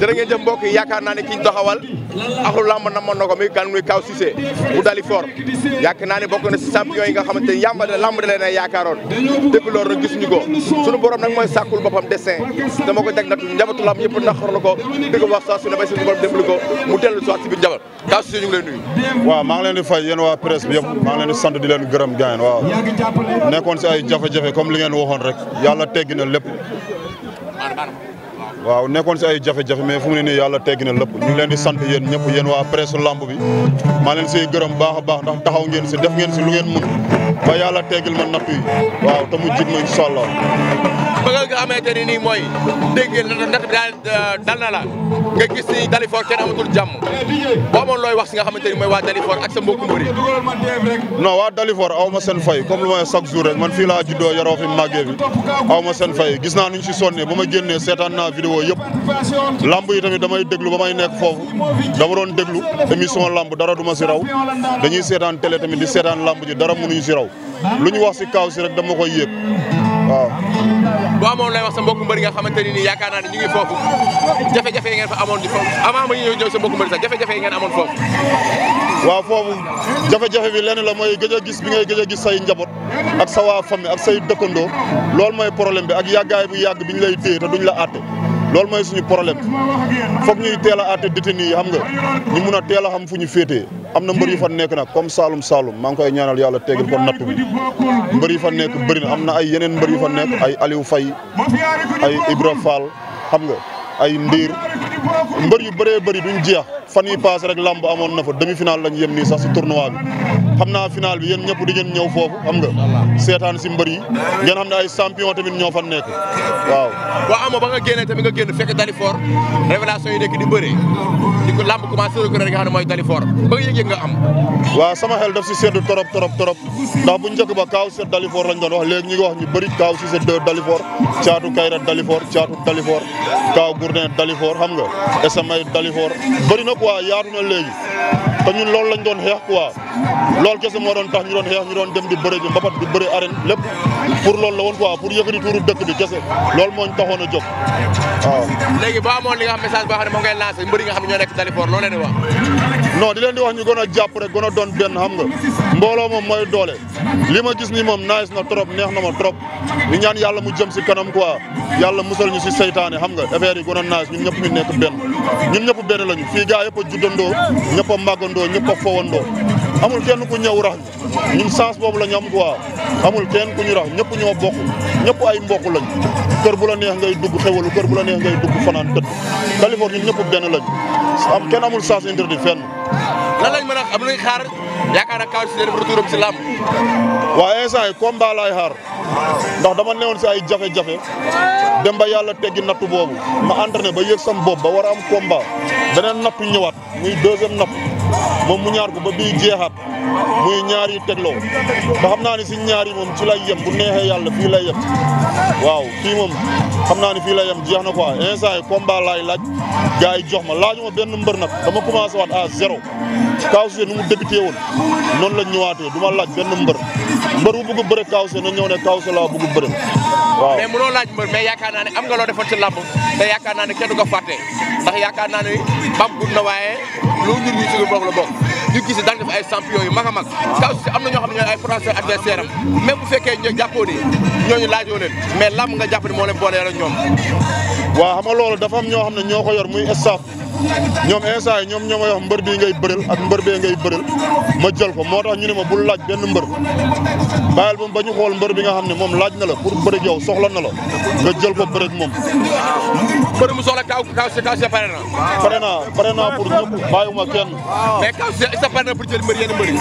jërë ngeen jëf mbokk yi yaakaar naa ne ki ñu doxawal axlu lamb na mën na ko muy kan muy Kaw Cissé bu dali fort bokk na si champion yi nga xamante ni yàmba de lamb da leen a yaakaaroon depuis loolu nag gisuñu ko suñu borom nag mooy sàkkul boppam dessin dama ko jag nag njabootu lamb ñëpp naxarlu ko di ko wax saa su ne bay suñu borom déglu ko mu dellu si waat si Kaw Cissé ñu ngi lay nuyu leen di fay yéen waa presse bi yëpp leen di sant di gërëm li ngeen waxoon rek yàlla teggi na lépp waaw nekkoon si ay jafe-jafe mais fu mu ne nii yàlla teggi na lépp leen di sant yéen ñëpp yéen waa presse lamb bi maa leen siy gërëm baax a baax ndax taxaw ngeen si def ngeen si lu ngeen mun ba yàlla teggil ma nattu yi waaw te mu jig ma incha allah bëggal nga xamante ne nii mooy dégg ngeen euh, nga gis ni Dalifort kenn amatul jàmm boo amoon looy wax si nga xam xamante ni mooy waa Dalifort ak sa mbokku mbër waa Dalifort aw ma seen fay kom lu may chaque jour rek man fii laa juddoo yaroo fi màggee fi aw seen fay gis naa nuñ si sonnee ba ma génnee seetaan naa vidéo yëpp lamb yi tamit damay déglu ba may nekk foofu dama doon déglu émission lamb dara duma si raw dañuy seetaan télé tamit di seetaan lamb ji dara mënuñu si raw lu ñu wax si kaaw si rek dama boo amoon lay wax sa mbokku mbëri nga xamante ni nii yaakaar ne ñu ngi foofu jafe-jafe yi ngeen fa amoon di foofu avant ma ñëw ñëw sa mbokku mbëri sax jafe-jafe yi ngeen amoon foofu waaw foofu jafe-jafe bi lenn la mooy gëj a gis bi ngay gëj a gis say njaboot ak sa waa famille ak say dëkkandoo loolu mooy problème bi ak yàggaay bu yàgg bi ñu lay téye te duñ la àtte loolu mooy suñu problème foog ñuy teel a àtte détenu yi nga ñu mun a teel a fu ñu féetee am na mbër yu fa nekk nag comme Saloum Saloum maa ngi koy ñaanal yàlla tegal ko natt bi mbër yu fa nekk bëri am na ay yeneen mbër yu fa nekk ay Aliou fay ay Ibra Fall xam nga ay Ndiir mbër yu bëree bëri ñu jeex fan yi paase rek làmb amoon na fa demi-finale lañ yem nii sax si tournoi bi xam naa final bi yéen ñëpp di ngeen ñëw foofu xam nga seetaan si mbër yi ngeen xam ne ay champion tamit ñoo fa nekk waaw waaw ama ba nga génnee tamit nga génn fekk Dalifort révélation yi nekk di bëree di ko làmb commencé rek nga xam mooy Dalifort ba nga yëg-yëg nga am waaw sama xel daf si sedd torop torop torop ndax bu njëkk ba kaaw si Dalifort lañ doon wax léegi ñu ngi wax ñu bëri kaaw si sedd Dalifort caatu kayra xam nga esamay Dalifort bëri na quoi yaatu na léegi te ñun loolu lañ doon xeex quoi loolu kese moo doon tax ñu doon xeex ñu doon dem di bëre ji mbapat di bëre arène lépp pour lool la woon quoi pour yëkkati tuuru dëkk bi kese loolu moo ñu taxoon a jóg o léegi boo amoon li nga xam message boo xam ne moom ngay lancé mbëri nga xam ne ñoo nekk Dalifort loo leen di wax. non di leen di wax ñu gën a jàpp rek gën doon benn xam nga mbooloo moom mooy doole li ma gis ni moom nice na trop neex na ma trop ñu ñaan yàlla mu jëm si kanam quoi yalla musal ñu si seytaane xam nga affaire yi gën a nice ñun ñu nekk benn ñun ñëpp benn lañu fii gaa yëpp a juddandoo ñëpp a màggandoo ñëpp a amul kenn ku ñëw rax ñu ñun sens boobu la ñu am quoi amul kenn ku ñu rax ñëpp ñoo bokk ñëpp ay mbok lañ kër bu la neex ngay dugg xewalu kër bu la neex ngay dugg fanaan tëdd Californie ñun ñëpp benn lañ am kenn amul sens interdit fenn. lan lañ mën a am luy xaar yaakaar naa Kaolack si leen retour si làmb. waaw instant yi combat laay xaar ndax dama newoon si ay jafe-jafe dem ba yàlla teggi nattu boobu ma entraîné ba yëg sam bopp ba war a am combat beneen nattu ñëwaat muy deuxième nattu. moom mu ñaar ko ba bii jeexaat muy ñaar yi tegloo ba xam naa ni si ñaar yi moom ci lay yem bu neexee yàlla fii lay yem waaw fii moom xam naa ni fii la yem jeex na ko instant yi combat laay laaj gars i jox ma laaj ma benn mbër nag ma commencé waat a zéro Kaaw Seen nu mu débuté woon noonu la ñëwaatee du ma laaj benn mbër mbër bu bëgg bëre Kaaw Seen na ñëw ne Kaaw Seen laa bëgg bëre mais mënoo laaj mbër mais yaakaar naa ne am nga loo defoon ci làmb te yaakaar naa ne kenn du ko fàtte ndax yaakaar naa ne bam gudd na waaye loolu ñun ñii suñu bopp la bokk ñu gis daan def ay champion yu mag a mag ka aussi am na ñoo xam ne ñooy ay français adversaire am même bu fekkee ñoo jàppoo ni ñooñu laajoo leen mais làmb nga jàpp moo leen boole la ñoom waaw xam nga loolu dafa am ñoo xam ne ñoo ko yor muy staff ñoom instant yi ñoom ñoo may bi mbër bii ngay bëril ak mbër bee ngay bëril ma jël ko moo tax ñu ne ma bul laaj benn mbër bàyyil ba ñu xool mbër bi nga xam ne moom laaj na la pour bëri yow soxla na la nga jël ko bëri moom. mbër mu soxla kaw kaw si kaw si pare na. pare naa pare naa pour ñëpp kenn. mais sa pare na pour jël mbër yenn mbër yi.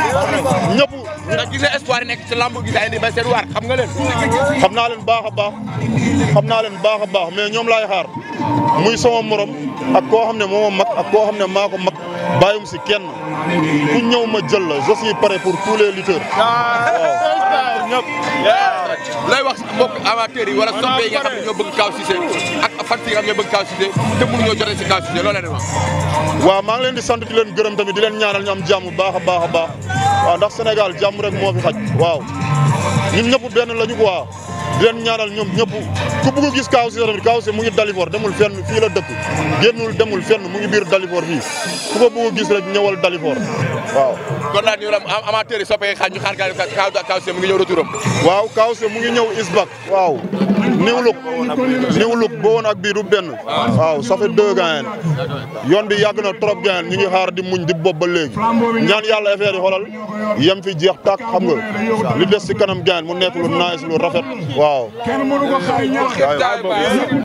ñëpp. ndax gis nga espoir nekk ci lamb gi day xam nga leen. xam naa leen baax a baax xam naa leen baax a baax mais ñoom laay xaar muy sama morom ak koo xam ne moom ma mag ak xam ne maa ko mag bàyyum si kenn ku ñëw ma jël la je suis prêt pour tous les lutteurs. waaw ñëpp. lay wax mbokk amateurs yi wala soppe yi nga xam ne ñoo bëgg Kaw Cissé ak fan xam ne ñoo bëgg Kaw Cissé te mënuñoo jotee si Kaw Cissé loolu la wax. waaw maa ngi leen di sant di leen gërëm tamit di leen ñaanal ñu am jàmm bu baax a baax a baax waaw ndax Sénégal jàmm rek moo fi xaj waaw ñun ñëpp benn lañu quoi. di leen ñaanal ñoom ñëpp ku bugg gis Kaaw Cissé tamit Kaaw Cissé mu ngi Dalifort demul fenn fii la dëkk génnul demul fenn mu ngi biir Dalifort fii ku ko bugg gis rek ñëwal Dalifort waaw. kon naa ñu am Kaaw Cissé mu ngi ñëw retouram. waaw Kaaw Cissé mu ngi ñëw Isbak. waaw niw luk niw luk boo ak bii du benn. waaw ça fait deux gaayeen yoon na trop gaayeen ñu ngi xaar di muñ di bopp ba léegi ñaan yàlla affaire yi xoolal yem fi jeex tàkk xam nga des si kanam gaayeen mu nekk lu waaw kenn mënu ko xaar ñaar